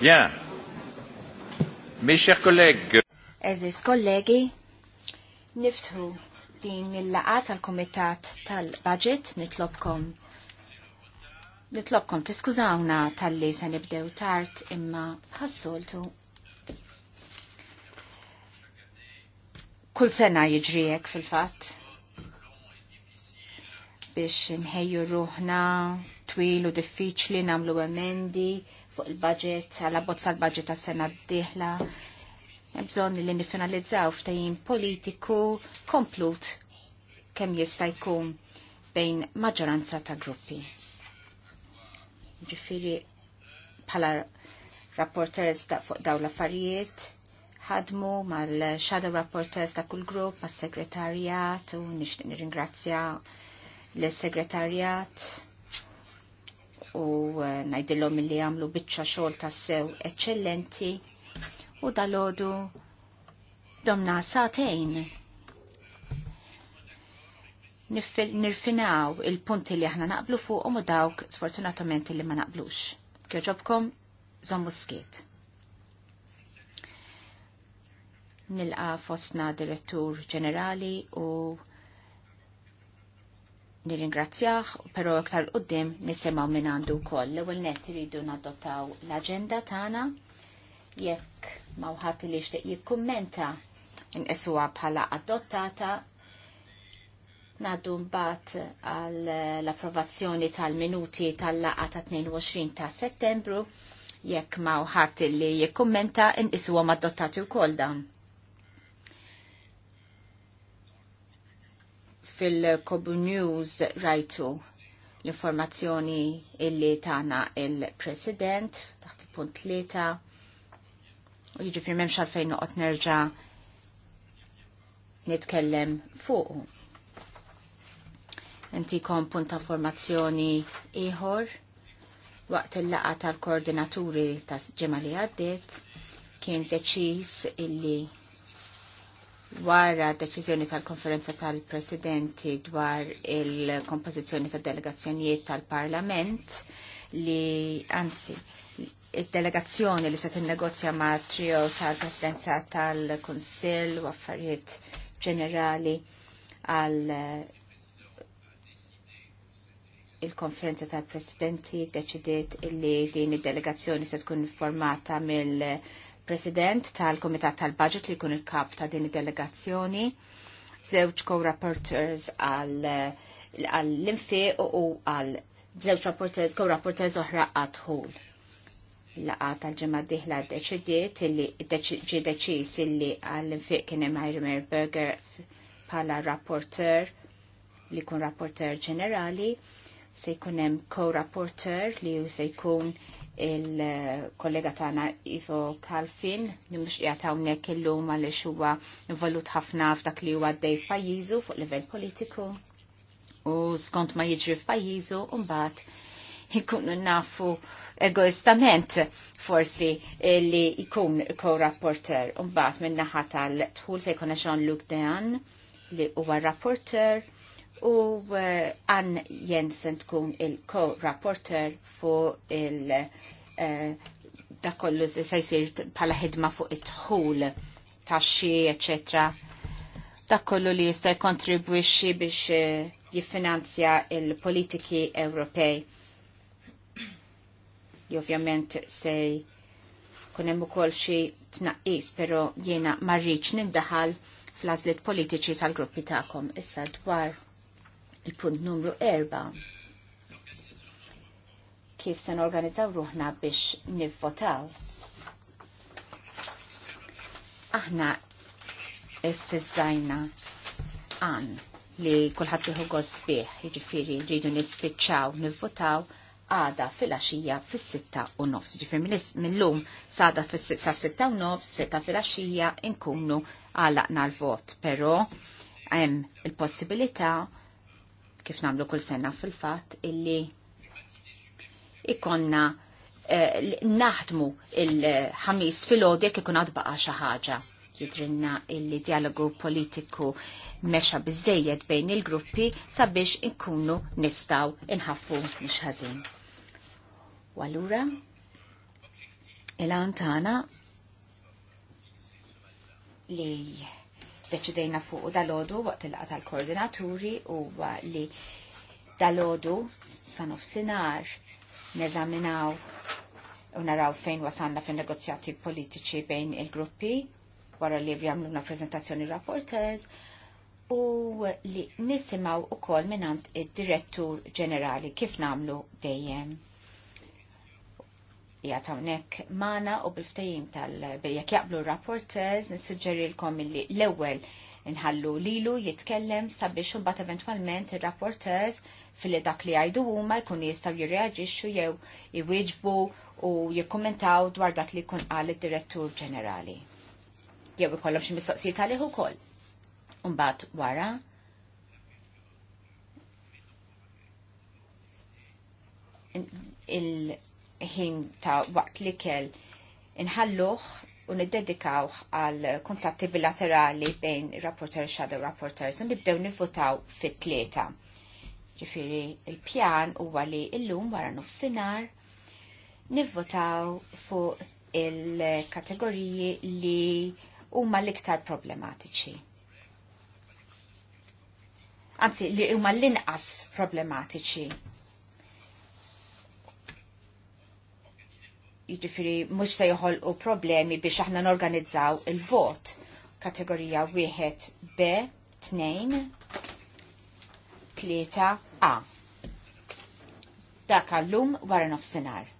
Bien. Mes chers collègues. Eżis kollegi, niftħu din il-laqa tal-Komitat tal-Budget nitlobkom. Nitlobkom tiskużawna tal-li se nibdew tard imma ħassoltu. Kull sena jiġrijek fil-fatt biex nħejju ruħna twil u diffiċli namlu emendi fuq il-budget, għala bozza l-budget ta' sena d-dihla. Bżon li nifinalizzaw ftajin politiku komplut kem jista' jkun bejn maġġoranza ta' gruppi. Ġifiri bħala rapporters da' fuq dawla l-affarijiet, ħadmu mal-shadow rapporters ta' kull grupp, mas segretarjat u nixtieq nirringrazzja l-segretarjat u eh, najdillom li għamlu bitċa xol ta' sew eccellenti u dal domna satejn nirfinaw il-punti li aħna naqblu fuq u dawk sfortunatament li ma naqblux. Kjoġobkom zommu skiet. Nilqa fosna direttur ġenerali u nirringrazzjah, pero iktar qoddim nisimaw minn għandu kol. L-ewel net rridu nadottaw l-agenda tana, jekk mawħat li xteq jikkummenta nqisuha bħala adottata, naddu mbagħad għal l-approvazzjoni tal-minuti tal-laqa ta' 22 ta' settembru, jekk mawħat li jikkummenta nqisuhom adottati wkoll dan. fil-Kobu News rajtu l-informazzjoni illi tana il-President taħt il-punt tlieta u jiġifieri m'hemmx għalfejn noqgħod nerġa' nitkellem fuq. Inti kom punta formazzjoni iħor waqt il-laqa tal-koordinaturi ta' ġemali li għaddit kien deċis illi wara deċiżjoni tal-konferenza tal-presidenti dwar il-kompożizzjoni tad delegazzjonijiet tal-parlament li anzi il-delegazzjoni li se tinnegozja ma' trio tal-presidenza tal-Kunsill u affarijiet ġenerali għal eh, il-konferenza tal-presidenti deċidiet li din id-delegazzjoni se tkun formata mill- president tal-Komitat tal-Budget li jkun il-kap ta' din id-delegazzjoni, żewġ co-rapporters għall-infi u għal zewċ rapporters, co-rapporters oħra għadħul. Laqa tal-ġemma diħla deċidiet illi ġi deċis illi għall-infiq kien hemm Heimer Berger bħala rapporter li kun rapporter ġenerali, se jkun hemm co-rapporter li se jkun il-kollega tagħna Ivo Kalfin li mhux qiegħed hawnhekk illum għaliex huwa involut ħafna f'dak li huwa għaddej f'pajjiżu fuq livell politiku u skont ma jiġri f'pajjiżu un mbagħad jkunu nafu egoistament forsi li jikun co-rapporter. bat minna ħata l-tħul se jkun Jean-Luc Dean li huwa rapporter u eh, Ann Jensen tkun il-co-rapporter fu il- eh, da kollu se jsir bħala ħidma fuq it ħul taxxi, eccetera. Dak kollu li jista' jkontribwixxi biex eh, jiffinanzja il-politiki Ewropej. Ovvjament se jkun hemm ukoll xi tnaqqis, però jiena ma rridx nindaħal fl-għażliet politiċi tal-gruppi tagħkom issa dwar Il-punt numru 4. Kif se norganizzaw ruħna biex nivvotaw? Aħna f-fizzajna għan li kullħat jieħu għost bih, jiġifieri rridu nispiċċaw nivvotaw għada fil-axija fil-sitta u nofs. Ġifir mill-lum sada fil-sitta u nofs, feta' fil-axija inkunu għalaqna l-vot. Pero, għem il-possibilita kif namlu kull sena fil-fat illi ikonna eh, naħdmu il-ħamis fil-odi jek ikun għadbaqa xaħġa. Jidrinna illi dialogu politiku meċa bizzejed bejn il-gruppi sabiex inkunu nistaw inħaffu nixħazin. Walura, il-antana li deċidejna fuq dal-ħodu waqt il-laqa tal-koordinaturi u li dal-ħodu san sinar neżaminaw u naraw fejn wasanna fin negozjati politiċi bejn il-gruppi wara li bjamluna prezentazzjoni rapportez u li nisimaw u kol minant id-direttur ġenerali kif namlu dejjem jgħat hawnhekk magħna u bil-ftehim tal-jekk jaqblu rapporters nissuġġerilkom li l-ewwel nħallu lilu jitkellem sabiex imbagħad eventwalment ir-rapporters fil dak li għajdu huma jkun jistgħu jirreaġixxu jew iwieġbu u jikkummentaw dwar dak li jkun qal id-direttur ġenerali. Jew ikollhom xi mistoqsijiet għalih ukoll. Imbagħad wara il ħin ta' waqt li kell inħalluħ u niddedikawħ għal kontatti bilaterali bejn rapporter shadow rapporters u nibdew nifutaw fit-tlieta. Ġifiri, il-pjan huwa li illum wara nofsinhar nivvotaw fuq il-kategoriji li huma l-iktar problematiċi. Anzi, li huma l-inqas problematiċi jiġifieri mhux se joħolqu problemi biex aħna norganizzaw il-vot kategorija wieħed B, tnejn, tlieta A. Dak għallum wara nofsinhar.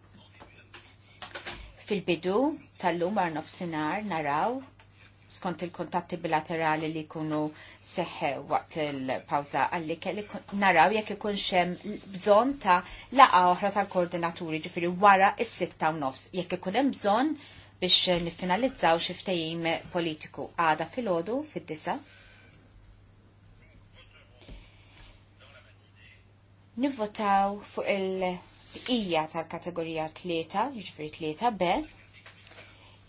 Fil-bidu tal-lum għar nofsinar naraw skont il-kontatti bilaterali li kunu seħe waqt il-pawza għalli kelli naraw jekk ikun xem bżon ta' laqa oħra tal-koordinaturi ġifiri wara is-sitta u nofs jekk ikun hemm bżon biex nifinalizzaw xi politiku għada fil-ħodu fid-disa. Nivvotaw fuq il-bqija tal-kategorija tlieta, jiġifieri tlieta B,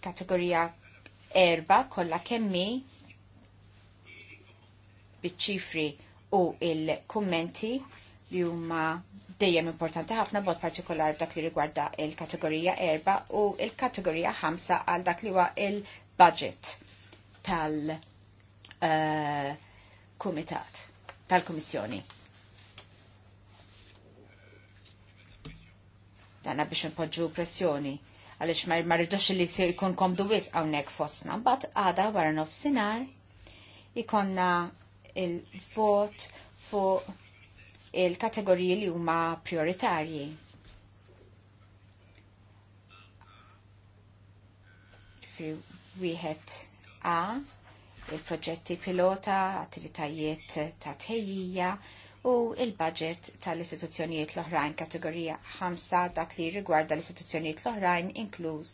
kategorija erba kollha kemmi biċ-ċifri u il-kummenti li huma dejjem importanti ħafna b'mod partikolari dak li rigwarda il-kategorija erba u il-kategorija ħamsa għal dak li huwa il-budget tal-kumitat, eh, uh, tal-kummissjoni. Dana biex inpoġġu pressjoni għalix ma rridux li se jkun komdu wis għawnek fosna, bat għada wara nofsinar ikonna il-vot fuq il-kategoriji li huma prioritarji. Fi wieħed A, il-proġetti pilota, attivitajiet ta' tejjija, u il-budget tal-istituzzjonijiet l-oħrajn kategorija 5 dak li rigwarda l-istituzzjonijiet l-oħrajn inkluż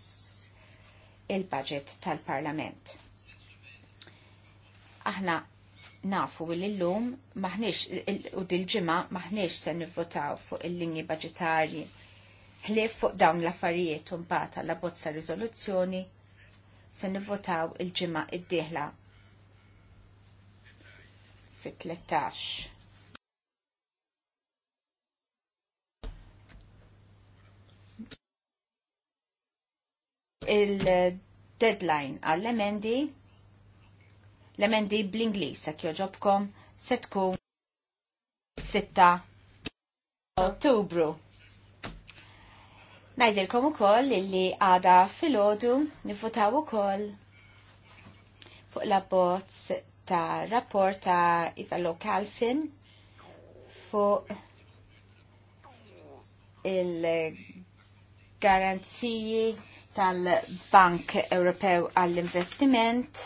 il-budget tal-Parlament. Aħna nafu l-lum maħniex u dil-ġimma maħniex se nivvotaw fuq il-linji budgetarji li fuq dawn l-affarijiet unbata la bozza rizoluzzjoni se nivvotaw il-ġimma id-dihla fit-13 il-deadline għall-emendi l-emendi bl-Inglis sa kjoġobkom, se tkun 6 Ottubru. Najdilkom u koll illi għada fil-ħodu nifutaw u koll fuq la bozz ta' rapport ta' Ivalo Kalfin fuq il-garanziji tal-Bank Ewropew għall-Investiment.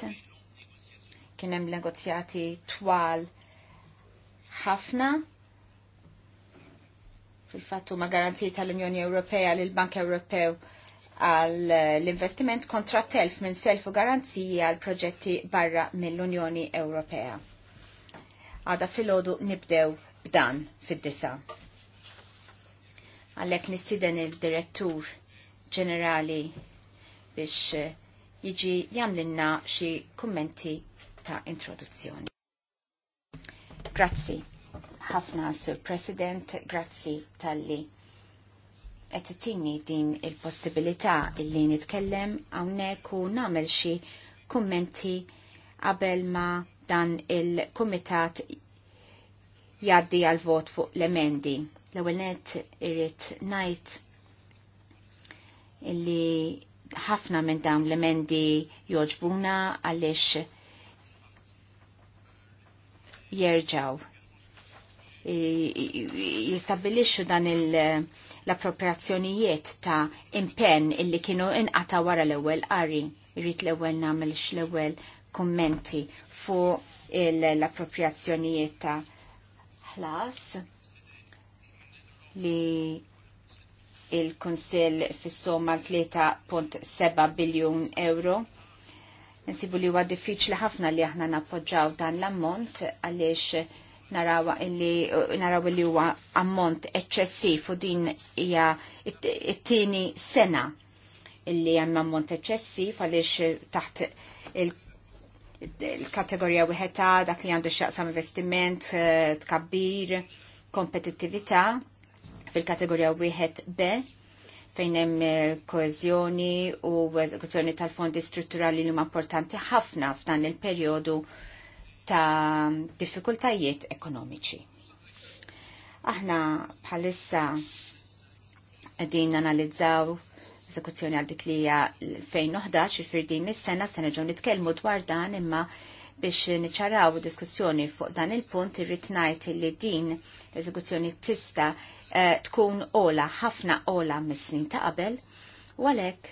Kien hemm negozjati twal ħafna fil fatt huma garanziji tal-Unjoni Ewropea lil bank Ewropew għall investiment kontra telf minn self u garanziji għal proġetti barra mill-Unjoni Ewropea. Għada fil-ħodu nibdew b'dan fid-disa. Għallek nistiden il-direttur ġenerali biex eh, jiġi jamlinna xi kummenti ta' introduzzjoni. Grazzi ħafna Sur President, grazzi tal-li qed tini din il-possibilità illi nitkellem hawnhekk u nagħmel xi kummenti qabel ma dan il-kumitat jaddi għal vot fuq l-emendi. L-ewwel net irrid ngħid illi ħafna minn dawn l-emendi joġbuna għalix jerġaw jistabilixu dan l-appropriazzjonijiet ta' impenn illi kienu inqata wara l-ewwel qari. Irrid l-ewwel nagħmel l-ewwel kummenti fuq l-appropriazzjonijiet ta' ħlas li il-Kunsill fis-somma 37 biljun euro. Nsibu li huwa diffiċli ħafna li aħna nappoġġaw dan l-ammont għaliex naraw li naraw li huwa ammont eċċessiv u din hija it-tieni sena li hemm ammont eċċessiv għaliex taħt il-kategorija wieħed dak li għandu x'jaqsam investiment, eh, tkabbir, kompetittività fil-kategorija wieħed B fejn hemm eh, koeżjoni u eżekuzzjoni tal-fondi strutturali li huma importanti ħafna f'dan il-perjodu ta' diffikultajiet ekonomiċi. Aħna bħalissa qegħdin analizzaw eżekuzzjoni għal dik li hija 2011 ifir din is-sena se nerġgħu nitkellmu dwar dan imma biex niċċaraw diskussjoni fuq dan il-punt irrid ngħid li din l-eżekuzzjoni tista' Eh, tkun ola, ħafna ola mis-snin ta' qabel, u għalhekk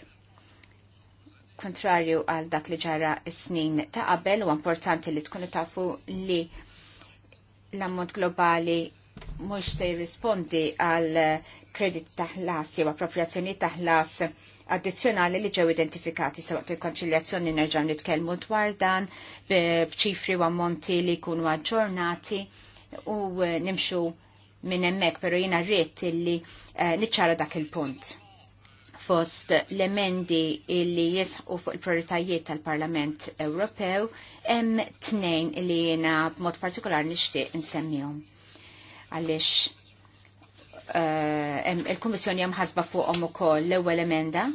kontrarju għal dak li ġara s-snin ta' qabel u importanti li tkunu tafu li l-ammont globali mhux se jirrispondi għal kredit taħlas jew appropriazzjoni taħlas addizzjonali li ġew identifikati sewa waqt il-konċiljazzjoni nerġgħu nitkellmu dwar dan b'ċifri u ammonti li jkunu aġġornati u eh, nimxu minn hemmhekk, pero jiena rrid illi uh, niċċara dak il-punt fost l-emendi illi jisħu fuq il-prioritajiet tal-Parlament Ewropew, hemm tnejn illi jiena b'mod partikolar nixtieq nsemmihom. Għaliex uh, il-Kummissjoni hemm ħasba fuqhom ukoll l-ewwel emenda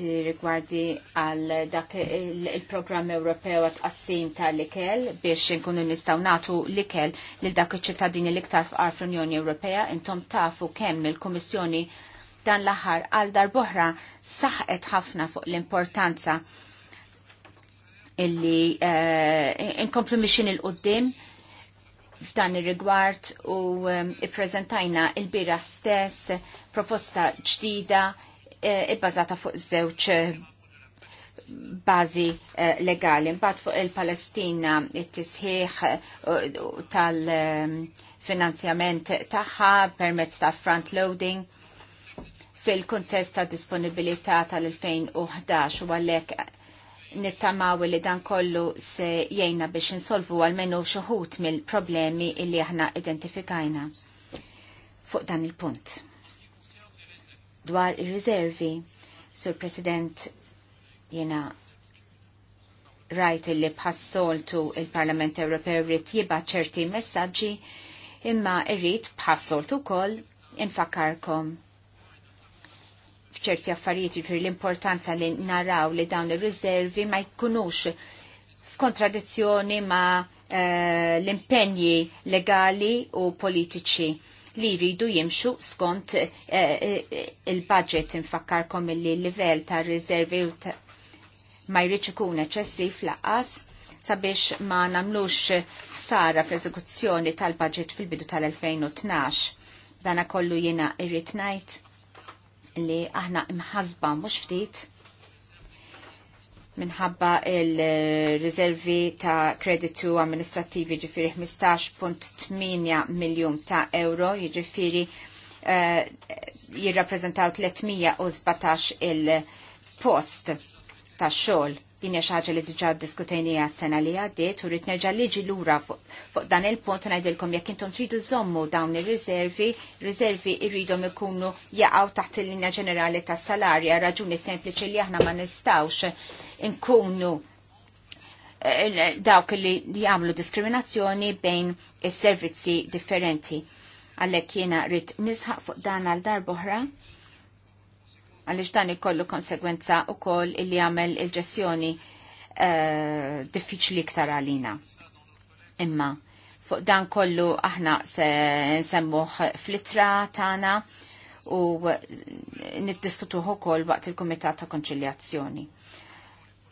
rigwardi għal dak il-programm Ewropew għat qassim tal-ikel biex nkunu nistaw natu l-ikel li dak iċ-ċittadini l-iktar f'qar fl-Unjoni Ewropea intom tafu kemm il-Kummissjoni dan l-aħħar għal darboħra saħqet ħafna fuq l-importanza illi uh, inkomplu mixin il-qoddim f'dan ir-rigward u eh, ippreżentajna il-biraħ stess proposta ġdida Eh, ibbażata fuq żewġ eh, bazi eh, legali. Mbagħad fuq il-Palestina it-tisħiħ tal-finanzjament tagħha permezz ta' front loading fil-kuntest ta' disponibilità tal-2011 u għalhekk nittamaw li dan kollu se jgħinna biex insolvu għalmenu xoħut mill-problemi illi aħna identifikajna fuq dan il-punt dwar ir-riservi. Sur President, jena rajt li bħassoltu il-Parlament Ewropew rrit jibba ċerti messaġġi imma irrit bħassoltu kol infakarkom f'ċerti affarijiet fir jiġifieri l-importanza li naraw li dawn ir-riservi ma jkunux f'kontradizzjoni ma' uh, l-impenji legali u politiċi li jridu jimxu skont eh, eh il-budget infakkarkom l livell ta' rizervi ma jridx ikun eċessiv laqas sabiex ma namlux ħsara f'eżekuzzjoni tal-budget fil-bidu tal-2012. Dana kollu jena irrit ngħid li aħna imħazba mhux ftit minħabba il-rizervi ta' kreditu amministrativi ġifiri 15.8 miljon ta' euro ġifiri uh, eh, jirrapprezentaw 317 il-post ta' xol din hija xaġa li diġà diskutejnija s-sena li għaddiet u rrid nerġa' liġi lura fuq dan il-punt ngħidilkom jekk intom tridu żommu dawn ir-riservi, riservi irridhom ikunu jaqgħu taħt il-linja ġenerali tas-salarja raġuni sempliċi li aħna ma nistawx inkunu eh, dawk li jagħmlu diskriminazzjoni bejn is-servizzi differenti. Għalhekk jiena rrid nisħaq fuq dan għal darboħra għaliex dan ikollu konsegwenza wkoll illi jagħmel il-ġestjoni uh, diffiċli ktar għalina. Imma fuq dan kollu aħna se nsemmuħ fl tana tagħna u nittistutuħu kol waqt il-Kumitat ta' Konċiljazzjoni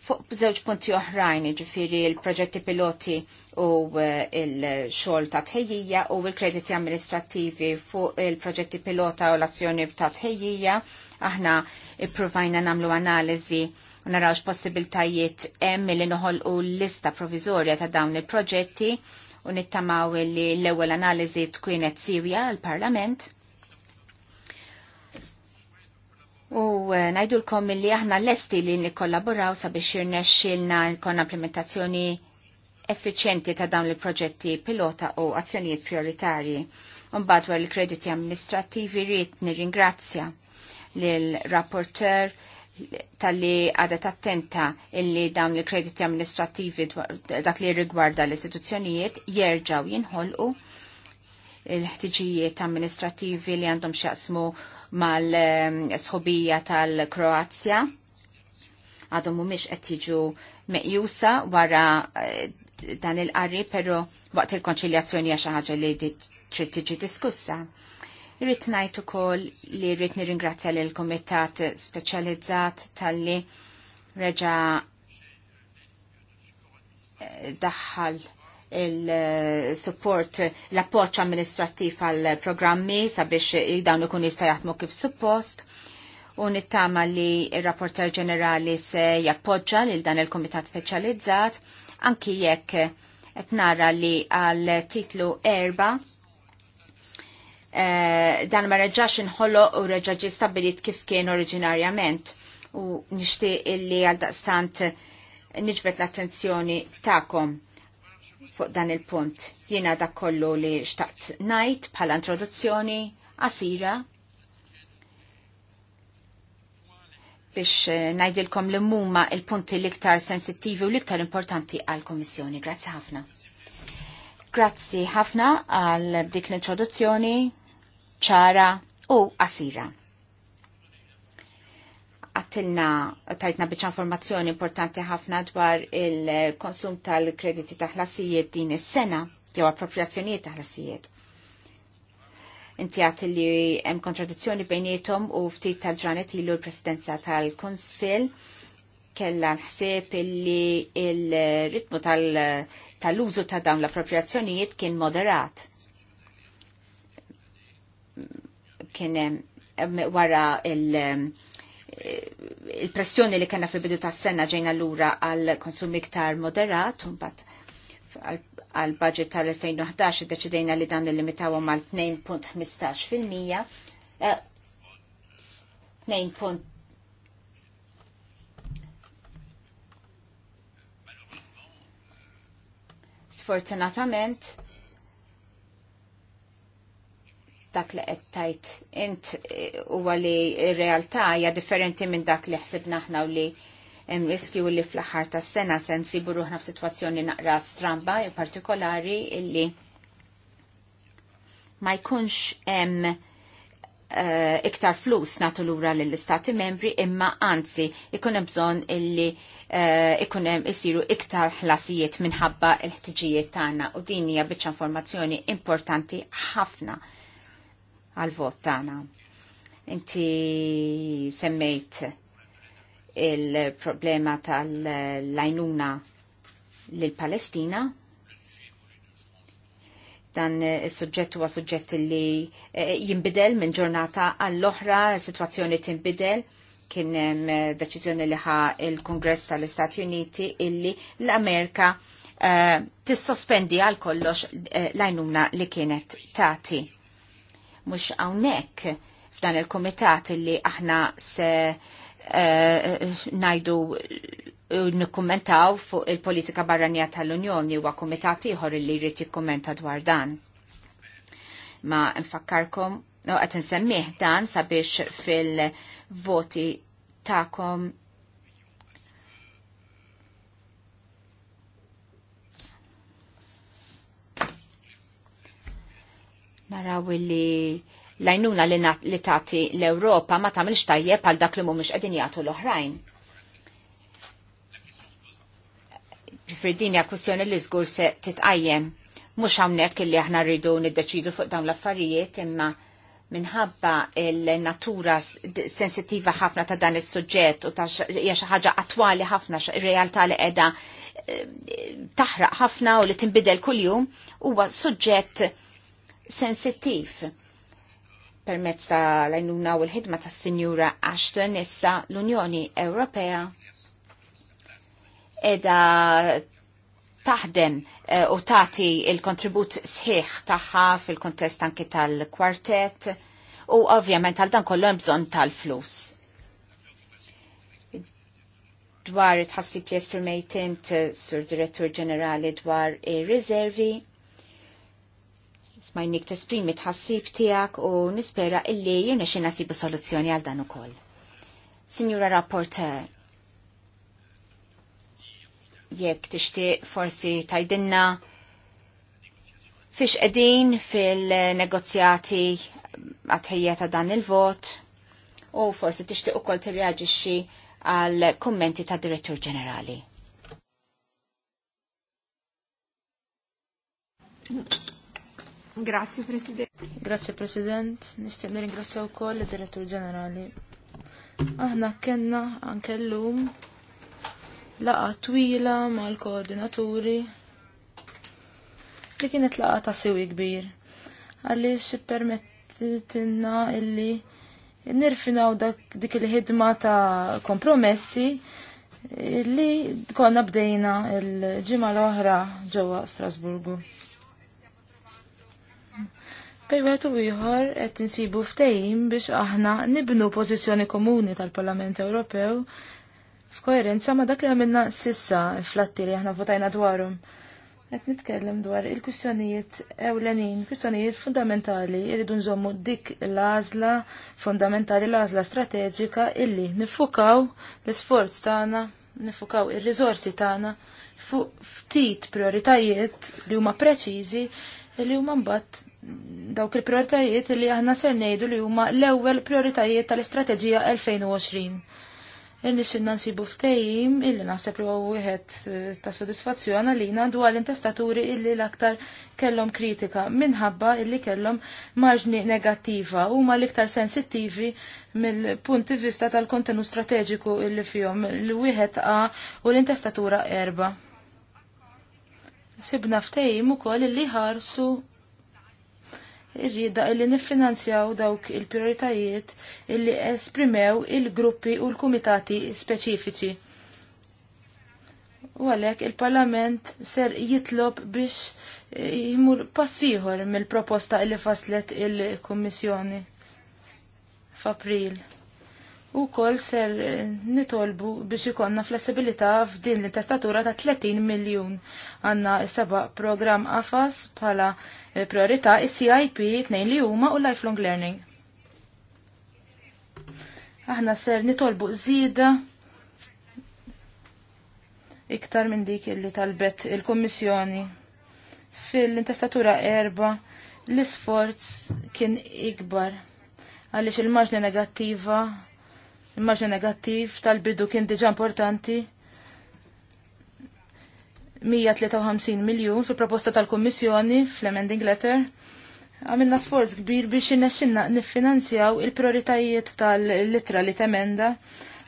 fuq żewġ punti oħrajn, ġifiri il-proġetti piloti u eh, il-xol ta' tħejjija u il-krediti amministrativi fuq il-proġetti pilota u l-azzjoni ta' tħejjija. Aħna ipprovajna namlu analizi u narawx possibiltajiet emmi li noħol u lista provizorja ta' dawn il-proġetti u nittamaw li l-ewwel analiżi tkun qed sirja l-Parlament U eh, najdulkom li aħna l-esti li nikollaboraw sabiex irnexxilna kon implementazzjoni effiċjenti ta' dawn il-proġetti pilota u azzjonijiet prioritarji. Unbad war il-krediti amministrativi rrit nirringrazzja l-rapporter tal-li għadet attenta illi dawn il-krediti amministrativi dak li rigwarda l-istituzzjonijiet jerġaw jinħolqu il-ħtiġijiet amministrativi li għandhom xaqsmu mal-sħobija tal-Kroazja għadhom mhumiex qed jiġu meqjusa wara eh, dan il-qarri, però waqt il-konċiljazzjoni għaxa ħaġa li trid tiġi diskussa. Rrid ngħid ukoll li rrid nirringrazzja lil kumitat speċjalizzat talli reġa' eh, daħħal il-support, l-appoċ amministrattiv għal-programmi sabiex dawn ikun jista' jaħdmu kif suppost u nittama li il-rapporter ġenerali se jappoġġa lil dan il-komitat speċjalizzat anki jekk qed nara li għal titlu erba eh, dan ma reġax inħollo u reġaġi stabilit kif kien oriġinarjament u nixtieq illi għal daqstant niġbet l-attenzjoni ta'kom fuq dan il-punt. Jiena dak kollu li xtaqt najt bħala introduzzjoni għasira biex eh, najdilkom li mumma il-punti l-iktar sensittivi u l-iktar importanti għal-Komissjoni. Grazzi ħafna. Grazzi ħafna għal dik l-introduzzjoni ċara u għasira għattilna tajtna bieċa informazzjoni importanti ħafna dwar il-konsum tal-krediti taħlasijiet din is-sena jew appropriazzjoniet taħlasijiet. Inti għat li hemm kontradizzjoni bejnietom u ftit tal-ġranet ilu l-presidenza tal-Konsil kella nħseb illi il-ritmu tal-użu ta' dawn l-appropriazzjonijiet kien moderat. Kien wara il- il-pressjoni li kena fil-bidu ta' s-sena ġejna l-ura għal konsum iktar moderat, unbat għal budget tal-2011 deċidejna li dan il-limitawa għal 2.15% 2. 2. Sfortunatament, dak li qed tajt int e, huwa li realtà hija differenti minn dak li ħsibna aħna u li hemm riskju li fl-aħħar tas-sena se nsibu ruħna f'sitwazzjoni naqra stramba in partikolari illi ma jkunx hemm uh, iktar flus natu lura l-istati membri imma anzi ikunem bżon illi uh, e, ikunem isiru iktar ħlasijiet minħabba l-ħtiġijiet tagħna u din hija biċċa informazzjoni importanti ħafna għal-vot tagħna. Inti semmejt il-problema tal-lajnuna l-Palestina. Dan il-sujġett huwa suġġett li eh, jinbidel minn ġurnata għall-oħra, situazzjoni tinbidel kien hemm eh, deċiżjoni li ħa il-Kongress tal-Istati Uniti illi l-Amerika eh, tissospendi għal kollox lajnuna li kienet tati mhux hawnhekk f'dan il komitat li aħna se eh, eh, ngħidu eh, nikkummentaw fuq il-politika barranija tal-Unjoni huwa kumitat ieħor li jrid jikkummenta dwar dan. Ma nfakkarkom qed insemmih dan sabiex fil-voti tagħkom naraw li lajnuna li, li tati l-Europa ma tamilx tajjeb għal dak li mumiex għedin jgħatu l-oħrajn. Ġifridini kwistjoni li żgur se titqajjem. Mhux hawnhekk illi aħna rridu niddeċidu fuq dawn l-affarijiet imma minħabba il-natura sensitiva ħafna ta' dan is-suġġett u ta' hija xi ħaġa attwali ħafna realtà li qiegħda eh, taħraq ħafna u li tinbidel kuljum huwa suġġett sensittiv permezz ta' l-għajnuna u l-ħidma ta' Sinjura Ashton issa l-Unjoni Ewropea edha taħdem eh, u tati il-kontribut sħiħ taħħa fil-kontest anki tal-kwartet u ovvjament għal dan kollu bżon tal-flus. Dwar it-ħassib li esprimejt eh, sur direttur ġenerali dwar ir-riservi smajnik tesprimi tħassib tijak u nispera illi jirnexin nasibu sibu soluzzjoni għal dan ukoll. Signora Rapporteur, jekk tixtieq forsi tajdinna fiex qegħdin fil-negozjati għatħija ta' dan il-vot u forsi tixtieq ukoll tirreaġixxi għal kummenti ta' Direttur Ġenerali. Grazie President. Grazie President, nishtiq nirringrazzja wkoll id-Direttur Ġenerali. Aħna kenna anke llum laqa twila mal-koordinaturi li kienet laqa ta' siwi kbir. Għaliex permettitina illi nirfinaw dak dik il-ħidma ta' kompromessi li konna bdejna il-ġimgħa l-oħra ġewwa Strasburgu. Bej u ieħor qed insibu ftehim biex aħna nibnu pożizzjoni komuni tal-Parlament Ewropew f'koerenza ma' dak li għamilna sissa flatti li aħna votajna dwarhom. Qed nitkellem dwar il-kwistjonijiet ewlenin, kwistjonijiet fundamentali irridu nżommu dik l-għażla fundamentali l-għażla strateġika illi nifukaw l-isforz tagħna, nifukaw ir-riżorsi tagħna fuq ftit prioritajiet li huma preċiżi li huma mbagħad dawk il-prioritajiet li aħna ser ngħidu li huma l-ewwel prioritajiet tal-istrateġija 2020. Irnixxinna nsibu ftehim illi naħseb li huwa wieħed eh, ta' sodisfazzjon għalina dwar l-intestaturi illi l-aktar kellhom kritika minħabba illi kellhom marġni negattiva huma l-iktar sensittivi mill-punti vista tal-kontenu strateġiku illi fihom l-wieħed A u l-intestatura erba' sibna ftejim ukoll li ħarsu irrida illi niffinanzjaw dawk il-prioritajiet illi esprimew il-gruppi u l-kumitati speċifiċi. U għalek il-Parlament ser jitlob biex eh, jimur passiħor mill-proposta illi faslet il-Kommissjoni f'April u kol ser eh, nitolbu biex ikonna flessibilità f'din l-testatura ta' 30 miljon. Għanna seba program AFAS bħala eh, priorità il-CIP tnejn li huma u lifelong learning. Aħna ser nitolbu zida iktar minn dik li talbet il-Kommissjoni. Fil-intestatura erba l-isforz kien ikbar għaliex il maġni negattiva Immaġna negattiv tal-bidu kien diġa importanti. 153 miljon fil-proposta tal-Kommissjoni fl-Amending Letter. Għamilna sforz kbir biex innexxinna niffinanzjaw il-prioritajiet tal-litra li temenda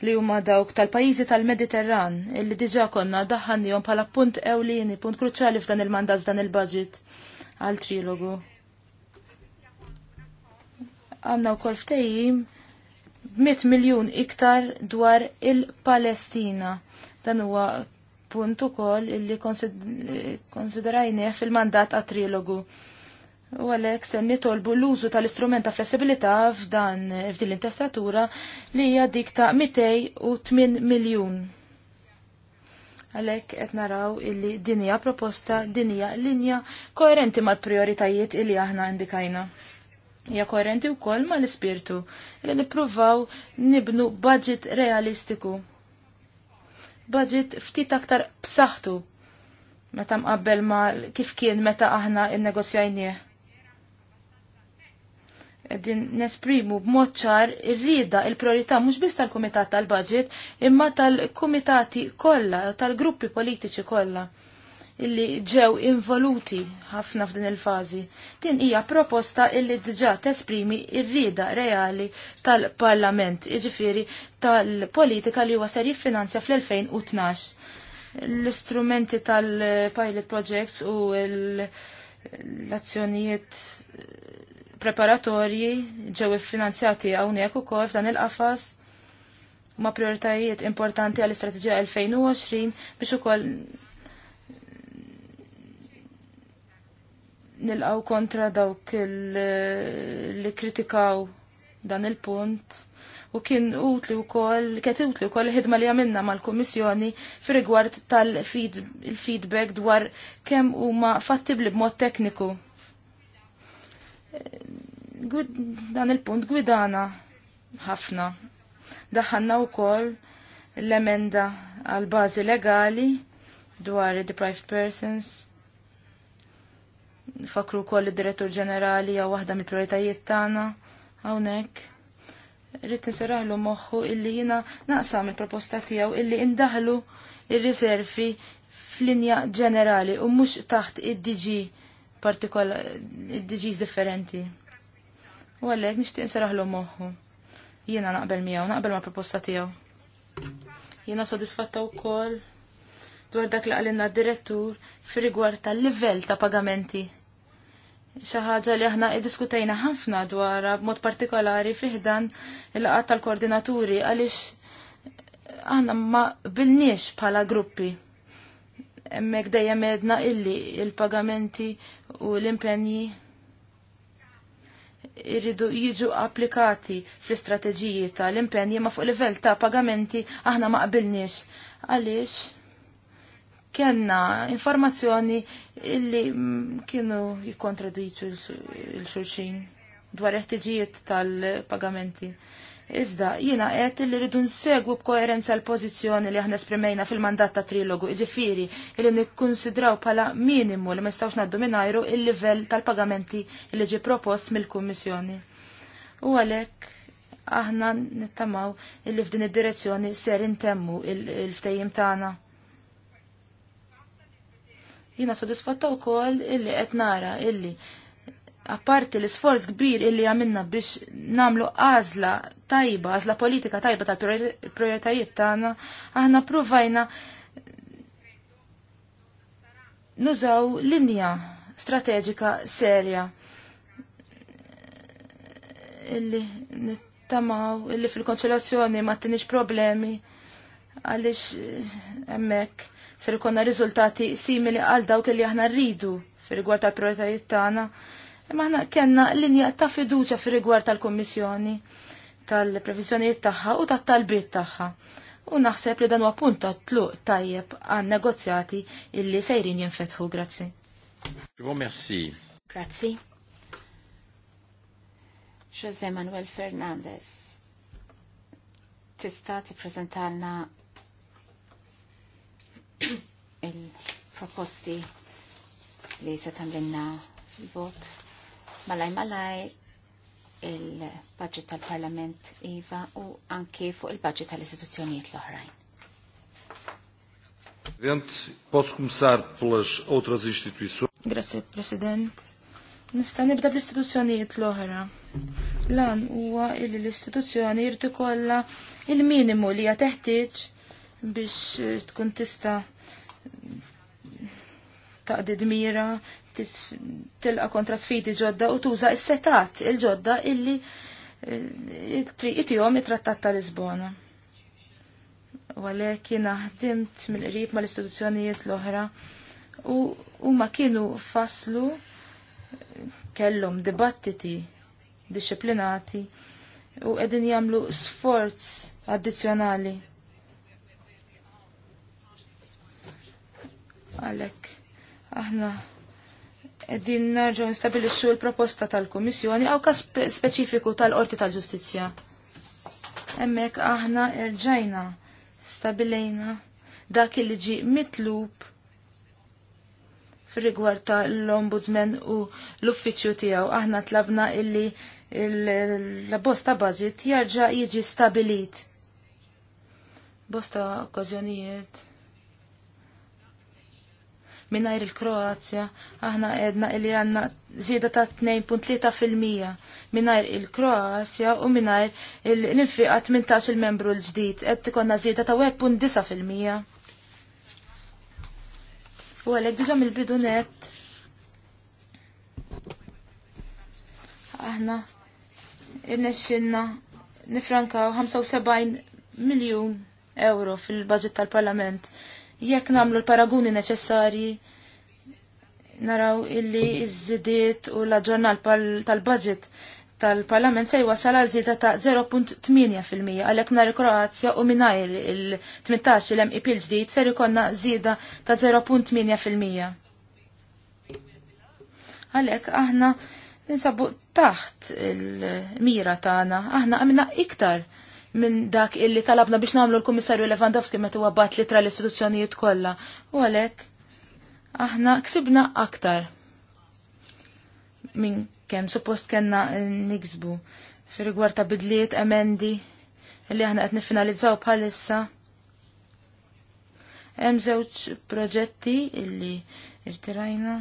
li huma dawk tal-pajjiżi tal-Mediterran illi diġà konna daħħannihom bħala punt ewlieni, punt kruċali f'dan il-mandat f'dan il-budget għal trilogu. Għandna wkoll ftejim? 100 miljun iktar dwar il-Palestina. Dan huwa punt ukoll illi konsiderajnieh fil-mandat għat-trilogu. U għalek se nitolbu l-użu tal-istrument ta' flessibilità f'dan f'din l-intestatura li hija dik ta' 208 miljun. Għalek qed naraw illi din hija proposta, din hija linja koerenti mal-prioritajiet illi aħna indikajna hija koerenti wkoll ma l-ispirtu li nippruvaw nibnu budget realistiku. Budget ftit aktar b'saħħtu meta mqabbel ma kif kien meta aħna nnegozjajnieh. Din nesprimu b'mod ċar ir-rieda il-priorità mhux biss tal-kumitat tal-budget imma tal-kumitati kollha tal-gruppi politiċi kollha illi ġew involuti ħafna f'din il-fazi. Din hija proposta illi diġà tesprimi ir-rieda reali tal-Parlament, iġifieri tal-politika li huwa ser jiffinanzja fl-2012. L-istrumenti tal-pilot projects u l-azzjonijiet preparatorji ġew iffinanzjati hawnhekk ukoll f'dan il-qafas ma prioritajiet importanti għall-istrateġija 2020 biex ukoll nilqaw kontra dawk li kritikaw dan il-punt u kien utli u kol, kiet utli u kol ħidma li għamilna mal-Komissjoni fi rigward tal-feedback dwar kem u ma fattibli b'mod tekniku. Dan il-punt gwidana ħafna. Daħanna u kol l-emenda għal-bazi legali dwar deprived persons Fakru kol id-direttur ġenerali għaw waħda mill-prioritajiet tagħna hawnhekk. Rrid inseraħlu moħħu illi jiena naqsam il-proposta tiegħu illi indaħlu ir-riservi fl-linja ġenerali u mhux taħt id-DG partikola id-DGs differenti. U għalhekk nixtieq inseraħlu moħħu. Jiena naqbel miegħu, naqbel ma' proposta tiegħu. Jiena sodisfatta wkoll dwar dak li għalinna direttur fi rigward tal-livell ta' pagamenti xaħġa li aħna iddiskutejna ħafna dwarha b'mod partikolari fiħdan il-laqgħat tal-koordinaturi għaliex aħna ma bilniex bħala gruppi. emmek dejjem edna illi il-pagamenti u l-impenji irridu jiġu applikati fl-istrateġiji tal-impenji ma fuq livell ta' pagamenti aħna ma qbilniex. Għaliex Kienna informazzjoni illi mm, kienu jikkontradiċu l-xulxin dwar eħtiġijiet tal-pagamenti. Iżda, jina għet li rridu nsegwu b'koerenza l-pożizzjoni li aħna esprimejna fil-mandat ta' trilogu, iġifiri, illi nikkonsidraw pala minimu li mistawx naddu minajru il-livell tal-pagamenti li ġi propost mill-Kummissjoni. U għalek, aħna nittamaw illi f'din id-direzzjoni ser intemmu il-ftejjim tagħna. Jina sodisfatta wkoll illi qed nara illi apparti l-isforz kbir illi għamilna biex namlu għazla tajba, għazla politika tajba tal-prioritajiet tagħna, aħna provajna nużaw linja strateġika serja illi nittamaw illi fil konsolazzjoni ma tinix problemi għalix emmek ser ikonna riżultati simili għal dawk li aħna rridu fir-rigward tal-prioritajiet tagħna. Imma aħna kellna linja ta' fiduċja fir-rigward tal-Kummissjoni tal-previżjonijiet tagħha u tat-talbiet tagħha. U naħseb li dan huwa punt ta' tluq tajjeb għan negozjati illi sejrin jinfetħu. Grazzi. Merci. Grazzi. José Manuel Fernandez. Tista' tippreżentalna il-proposti li se tamlinna il-vot. Malaj malaj il-budget tal-Parlament IVA u anki fuq il-budget tal-istituzzjonijiet l-oħrajn. President, posso começar pelas outras instituições? Grazie, President. Nista' nibda bl-istituzzjonijiet l-oħra. Lan huwa li l-istituzzjoni jrid ikollha il-minimu li hija teħtieġ biex eh, tkun tista taqdi dmira, tilqa kontra sfidi ġodda u tuża is-setat il-ġodda illi eh, it-triqitihom it-trattat ta' Lisbona. U għalhekk jiena ħdimt mill-qrib mal-istituzzjonijiet l-oħra u huma kienu faslu kellhom dibattiti disciplinati u qegħdin jagħmlu sforz addizzjonali Għalek, aħna Eddin narġu nistabilixxu l-proposta tal-Kummissjoni għaw kas speċifiku tal-Qorti tal-Ġustizzja. Emmek aħna erġajna stabilejna dak li ġi mitlub fir-rigward tal-Ombudsman u l-uffiċċju tiegħu aħna tlabna illi l-bosta budget jarġa' jiġi stabilit. Bosta okkażjonijiet minnajr il-Kroazja, aħna edna li għanna zida ta' 2.3% minnajr il-Kroazja u minnajr l-infiqa 18 il-membru l-ġdid, ed tikonna zida ta' 1.9%. U għalek diġa mill-bidunet. Aħna, irnexxinna nifrankaw 75 miljon euro fil-budget tal-parlament Jekk namlu l-paraguni neċessarji naraw illi iż-żidiet u l-aġġornal tal-budget tal-parlament se wasal għal zida ta' 0.8% għalhekk nhar Kroazja u mingħajr il-18 l em l-ġdid ser ikonna zida ta' 0.8%. Għalhekk aħna ninsabu taħt il-mira tagħna, aħna għamilna iktar minn dak illi talabna biex namlu l-Kummissarju Lewandowski meta huwa bat litra l-istituzzjonijiet kollha. U għalhekk aħna ksibna aktar minn kemm suppost kellna eh, niksbu fir-rigward ta' bidliet emendi li aħna qed niffinalizzaw bħalissa. Hemm żewġ proġetti illi irtirajna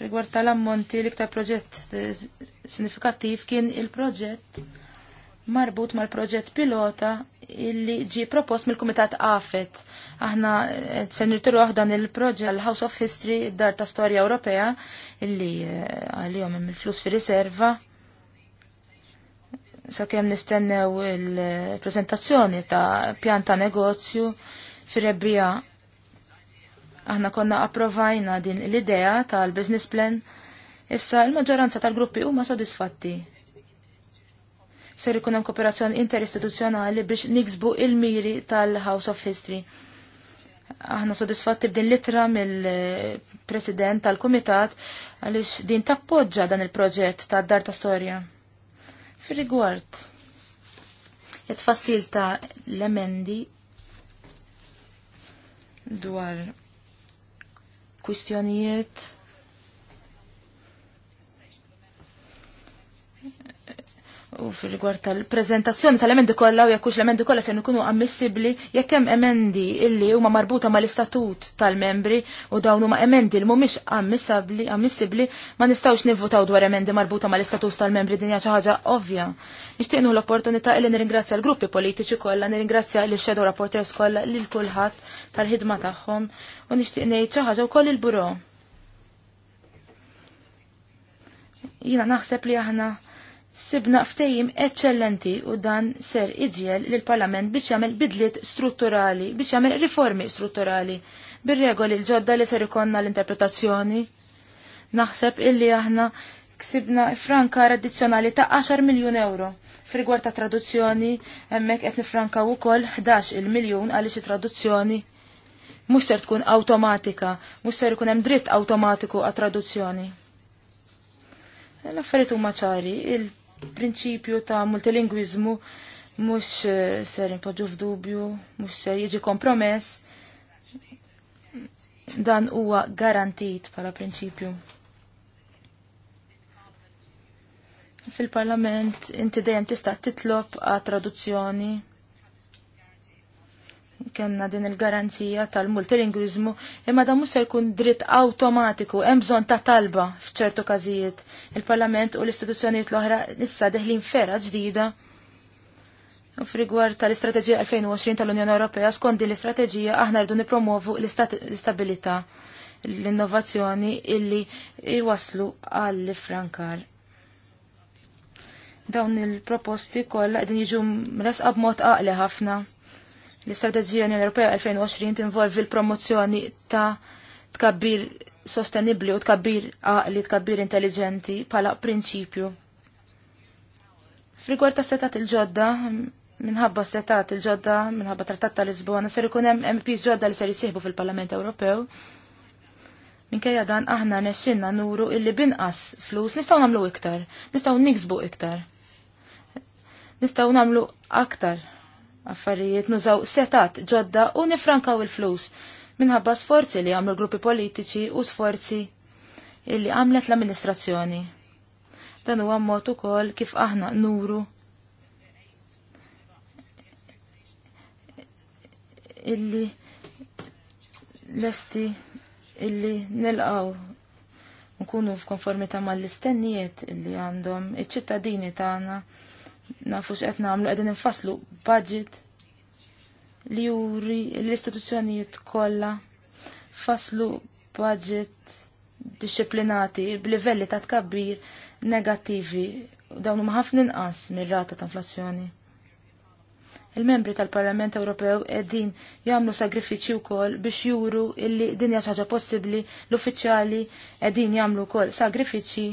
rigward tal-ammonti l-iktar proġett eh, sinifikattiv kien il-proġett marbut mal-proġett pilota illi ġi propost mill-Kumitat AFET. Aħna eh, se nirtiru dan il-proġett l-House of History, dar ta' Storja Ewropea, illi eh, għal-jom hemm il-flus fi riserva. Sakemm nistennew il-prezentazzjoni ta' pjan ta' negozju fi rebbija. Aħna konna approvajna din l-idea tal-business plan. Issa l-maġġoranza tal-gruppi huma sodisfatti ser ikun hemm kooperazzjoni interistituzzjonali biex niksbu il-miri tal-House of History. Aħna sodisfatti b'din litra mill-President tal-Kumitat għaliex din tappoġġa dan il-proġett ta' dar ta' storja. Fir-rigward, it-fassil ta' l-emendi dwar kwistjonijiet U fil gwar tal-prezentazzjoni tal-emendi kollha u jekk hux l-emendi kollha se nkunu ammissibbli jekk emendi illi huma marbuta mal-istatut tal-membri u dawn huma emendi li mhumiex ammissibbli ammissibbli ma nistgħux nivvutaw dwar emendi marbuta mal-istatut tal-membri dinja xi ħaġa ovvja. Nixtieq l-opportunità li nirringrazzja l-gruppi politiċi kollha, nirringrazzja lil shadow rapporters kollha lil kulħadd tal-ħidma tagħhom u nixtieq ngħid xi ħaġa wkoll il-buro. Jiena naħseb li aħna sibna ftejim eccellenti u dan ser iġiel lil parlament biex jagħmel bidliet strutturali, biex jagħmel riformi strutturali bir-regoli l-ġodda li ser ikonna l-interpretazzjoni. Naħseb illi aħna ksibna franka addizzjonali ta' 10 miljun euro. Frigwar ta' traduzzjoni, hemmhekk qed nifranka wkoll 11 il-miljun għaliex traduzzjoni mhux ser tkun awtomatika, mhux ser ikun hemm dritt awtomatiku għat traduzzjoni. L-affarijiet huma ċari, il prinċipju ta' multilingwizmu mhux eh, ser impoġu f'dubju, mhux ser jiġi kompromess. Dan huwa garantit bħala prinċipju. Fil-Parlament inti dejjem tista' titlob għat traduzzjoni kenna din il-garanzija tal-multilingwizmu imma da mhux se jkun dritt awtomatiku hemm bżonn ta' talba f'ċertu każijiet. Il-Parlament u l-istituzzjonijiet l-oħra issa deħlin fera ġdida U f'rigward tal-Istrateġija 2020 tal-Unjoni Ewropea skont din l-istrateġija aħna rdu nippromovu l-istabilità l-innovazzjoni illi jwaslu għall-Frankar dawn il-proposti kollha qegħdin jiġu mresqa b'mod aqli ħafna. L-Istrateġija Unjoni Ewropea 2020 tinvolvi l-promozzjoni ta' tkabbir sostenibli u tkabbir għaqli, tkabbir intelligenti pala prinċipju. Frigwar ta' setat il-ġodda, minħabba setat il-ġodda, minħabba trattat ta' Lisbona, ser ikun hemm MPs ġodda li ser jisieħbu fil-Parlament Ewropew. Minkejja dan aħna nexxinna nuru illi binqas flus nistgħu nagħmlu iktar, nistgħu niksbu iktar. Nistgħu nagħmlu aktar affarijiet, nużaw setat ġodda u nifrankaw il-flus minħabba sforzi li għamlu gruppi politiċi u sforzi illi għamlet l-amministrazzjoni. Dan huwa mod ukoll kif aħna nuru illi lesti illi nilqaw nkunu f'konformità mal-istennijiet illi għandhom iċ-ċittadini tagħna nafu qed nagħmlu qegħdin infasslu budget li juri l-istituzzjonijiet kollha faslu budget disciplinati b'livelli ta' tkabbir negattivi u dawn huma ħafna inqas mir-rata ta' inflazzjoni. Il-membri tal-Parlament Ewropew qegħdin jagħmlu sagrifiċċji wkoll biex juru illi din hija xi ħaġa possibbli l-uffiċjali qegħdin jagħmlu wkoll sagrifiċċji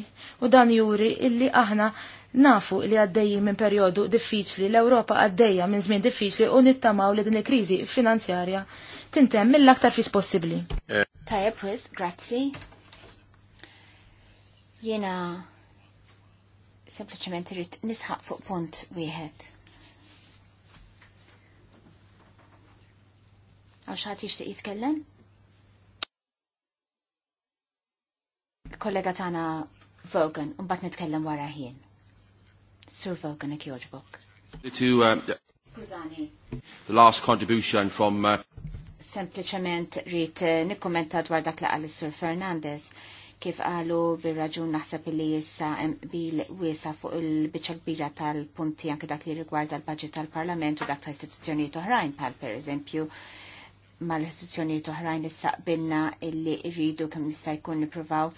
u dan juri illi aħna Nafu li għaddeji minn perjodu diffiċli, l-Ewropa għaddejja minn żmien diffiċli u nittamaw li din il-kriżi finanzjarja tintem mill-aktar fis possibbli. Tajab wis, grazzi. Jena sempliċement irrid nisħaq fuq punt wieħed. Għal xaħat jishtiq jitkellem? Kollega tana Vogan, un bat nitkellem wara ħin. Sir Vogan Ekjoġbok. Uh, Skużani. The last contribution from... Uh... Sempliciment rrit uh, nikkommenta dwar dak li għal Sir Fernandez kif għalu bir-raġun naħseb li jissa bil wiesa fuq il-bicċa kbira tal-punti anke dak li rigwarda l-budget tal-parlament u dak ta' istituzzjonijiet oħrajn pal per eżempju mal-istituzzjonijiet oħrajn issa saqbilna illi rridu kemm nista' jkun nippruvaw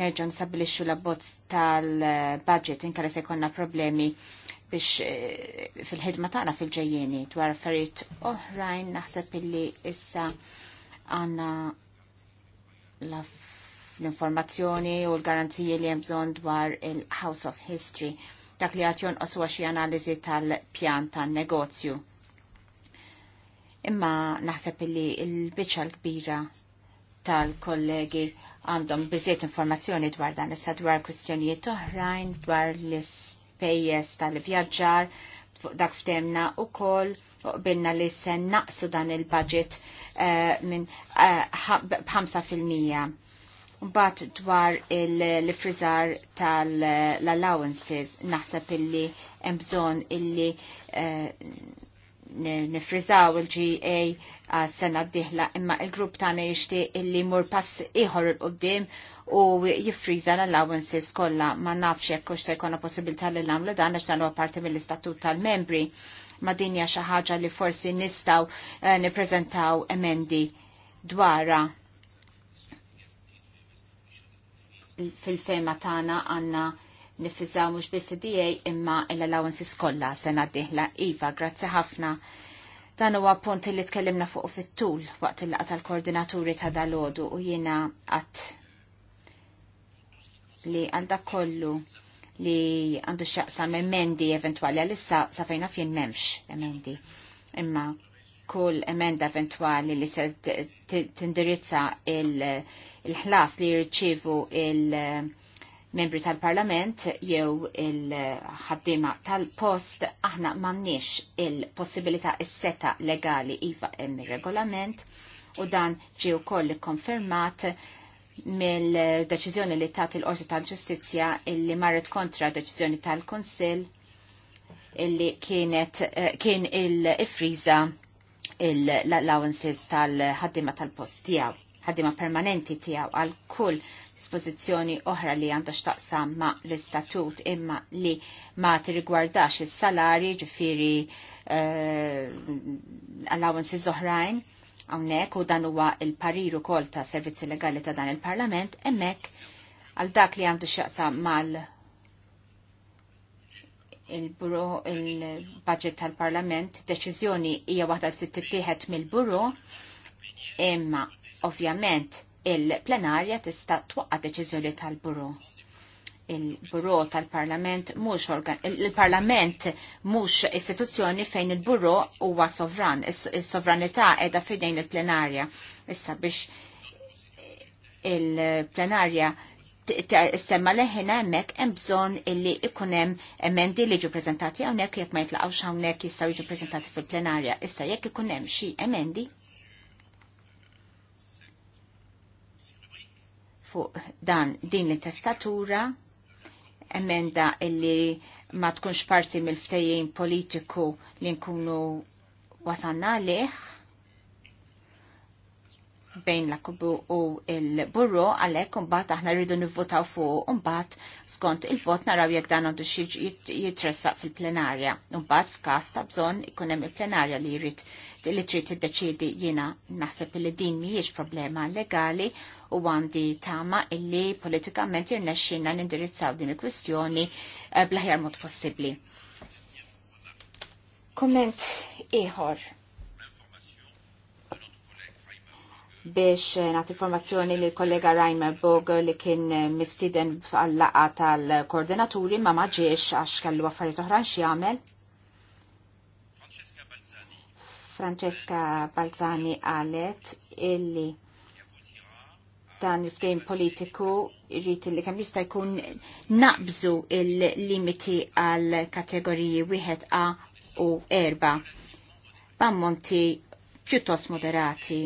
nerġgħu nsabbilixxu l-abbozz tal-budget inkara se jkollna problemi biex eh, fil-ħidma tagħna fil-ġejjeni dwar affarijiet oħrajn naħseb illi issa għandna l-informazzjoni u l-garanziji li hemm bżonn dwar il-House of History dak li għatjon oswa xi analiżi tal-pjan tan-negozju imma naħseb li l-biċċa l-kbira tal-kollegi għandhom biżiet informazzjoni dwar dan issa dwar kwistjonijiet oħrajn, dwar l-ispejjeż tal-vjaġġar, dak ftemna u koll qbilna li se naqsu dan il-budget uh, minn eh, b'5%. Mbagħad dwar l-frizar tal-allowances naħseb illi hemm bżonn illi eh, nifrizaw il-GA sena d-dihla imma il-grupp tana jishti illi mur pass iħor il-qoddim u jifriza l-allowances kolla ma nafx jekk se jkonna possibilità li l-għamlu dan għax dan parti mill-istatut tal-membri ma dinja xaħġa li forsi nistaw eh, niprezentaw emendi dwara fil-fema tana għanna nifizzaw mux biss DA imma l-allowances kollha sena diħla Iva, grazzi ħafna. Dan huwa punt li tkellimna fuq fit-tul waqt il-laqa tal-koordinaturi ta' dalodu u jiena qatt li għal dak kollu li għandu xaqsa emendi eventuali għalissa sa fejna fjen nemx emendi. Imma kull emenda eventuali li se tindirizza il-ħlas li jirċivu il-, il membri tal-Parlament jew il-ħaddima tal-post aħna m'għandniex il-possibilità is-seta legali iva hemm ir-regolament u dan ġie wkoll konfermat mill-deċiżjoni li tat il-Qorti tal-Ġustizzja illi marret kontra deċiżjoni tal-Kunsill illi kienet eh, kien il-ifriża l-allowances tal-ħaddima tal-post tiegħu ħaddima permanenti tiegħu għal kull dispożizzjoni oħra li għandha x'taqsam ma l-istatut imma li ma rigwardax is-salari ġifieri uh, allowances oħrajn hawnhekk u dan huwa il-parir ukoll ta' servizzi legali ta' dan il-Parlament hemmhekk għal dak li għandu x'jaqsam mal il buru il-budget tal-parlament, deċiżjoni hija waħda li tittieħed mill buru imma ovvjament il-plenarja tista' twaqqa deċiżjoni tal-buru il buru tal-parlament mhux organ il-parlament mhux istituzzjoni fejn il buru huwa sovran, is-sovranità qiegħda fidejn il-plenarja. Issa biex il-plenarja semma leħina emmek hemm bżonn illi ikun hemm emendi li ġu preżentati hawnhekk jekk ma jitlaqgħux hawnhekk jistgħu jiġu prezentati fil-plenarja. Issa jekk ikun hemm xi emendi fuq dan din l-intestatura, emenda illi ma tkunx parti mill-ftejjin politiku li nkunu wasanna liħ bejn la kubu u il burru għalek un-bat aħna rridu nivvotaw fuq un-bat skont il-vot naraw jekk dan għandu xieġ jitressa fil-plenarja. un-bat f'kas ta' bżon ikunem il-plenarja li jrid li trid id-deċidi jiena naħseb li din mhijiex problema legali u għandi tama illi politikament jirnexxinna nindirizzaw din il-kwistjoni eh, bl-ħjar mod possibbli. Komment ieħor biex eh, nagħti informazzjoni li kollega Reimer Bog li kien eh, mistiden għall tal-koordinaturi ma maġiex għax kellu affarijiet oħrajn xie għamel. Francesca Balzani għalet illi dan il-ftejn politiku irrit li kemm jista' jkun naqbżu il-limiti għal kategoriji wieħed A u erba b'ammonti pjuttost moderati.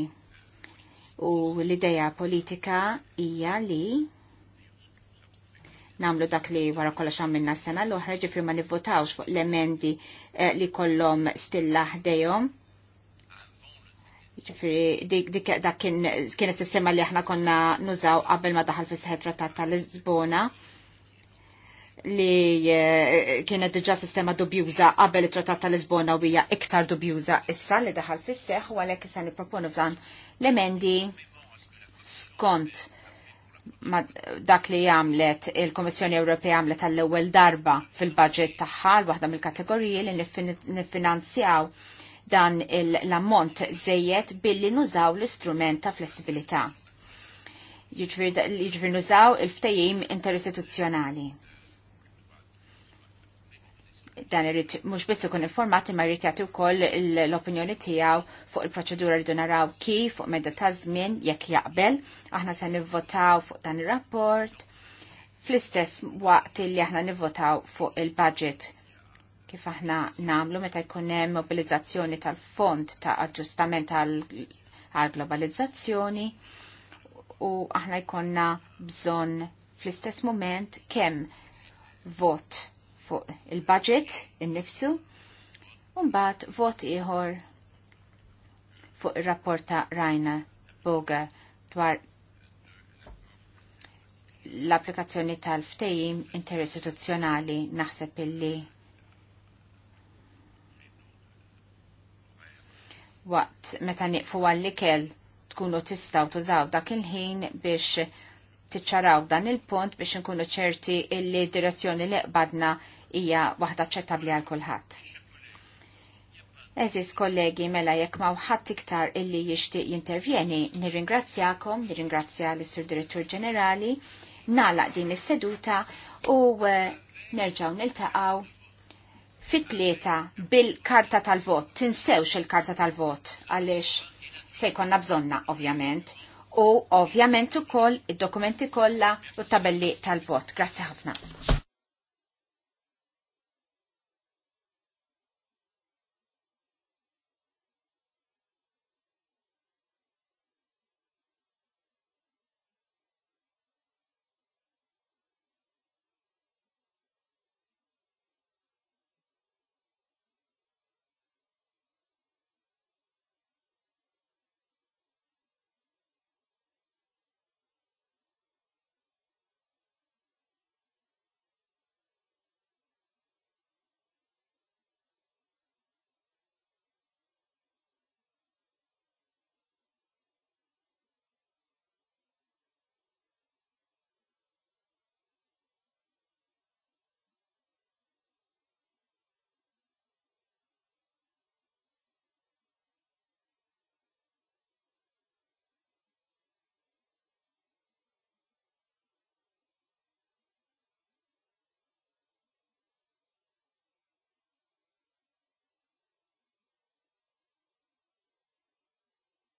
U l-ideja politika hija li namlu dak li wara kollox għamilna s-sena l-oħra ġifri ma nivvotawx fuq l-emendi eh, li kollom stilla ħdejhom dik da dak kien kienet sistema li aħna konna nużaw qabel ma daħal fis seħet trattat ta' Lisbona li eh, kienet diġa sistema dubjuża qabel it-trattat ta' Lisbona u hija iktar dubjuża issa li daħal fis seħ u għalhekk issa nipproponu f'dan l-emendi skont ma dak li għamlet il-Komissjoni Ewropea għamlet għall-ewwel darba fil-budget tagħha l-waħda mill-kategoriji li niffinanzjaw dan l-ammont zejjed billi nużaw l-istrument ta' flessibilità. Jiġifieri, jiġifieri nużaw il ftehim interistituzzjonali. Dan irrid mhux biss ikun informati ma jrid jagħti wkoll l-opinjoni tiegħu fuq il-proċedura rridu naraw kif fuq medda ta' żmien jekk jaqbel, aħna se nivvotaw fuq dan ir-rapport fl-istess waqt li aħna nivvotaw fuq il-budget kif aħna namlu meta jkun hemm mobilizzazzjoni tal-fond ta' aġġustament għal-globalizzazzjoni u aħna jkonna bżonn fl-istess moment kemm vot fuq il-budget innifsu u mbagħad vot ieħor fuq ir-rapport ta' Rajna Boga dwar l-applikazzjoni tal-ftejim interistituzzjonali naħseb illi waqt meta nieqfu għall-ikel tkunu tistaw tużaw dak il-ħin biex tiċċaraw dan il-punt biex nkunu ċerti illi direzzjoni li qbadna hija waħda ċettabli għal kulħadd. Eżis kollegi mela jekk ma ħadd iktar illi jixtieq jintervjeni, nirringrazzjakom, nirringrazzja l istur Direttur Ġenerali, nalaq din is-seduta u eh, nerġgħu niltaqgħu fit-tlieta bil-karta tal-vot, tinsewx il-karta tal-vot, għaliex se jkollna bżonna ovvjament, u ovvjament ukoll id-dokumenti kollha u t-tabelli tal-vot. Grazzi ħafna.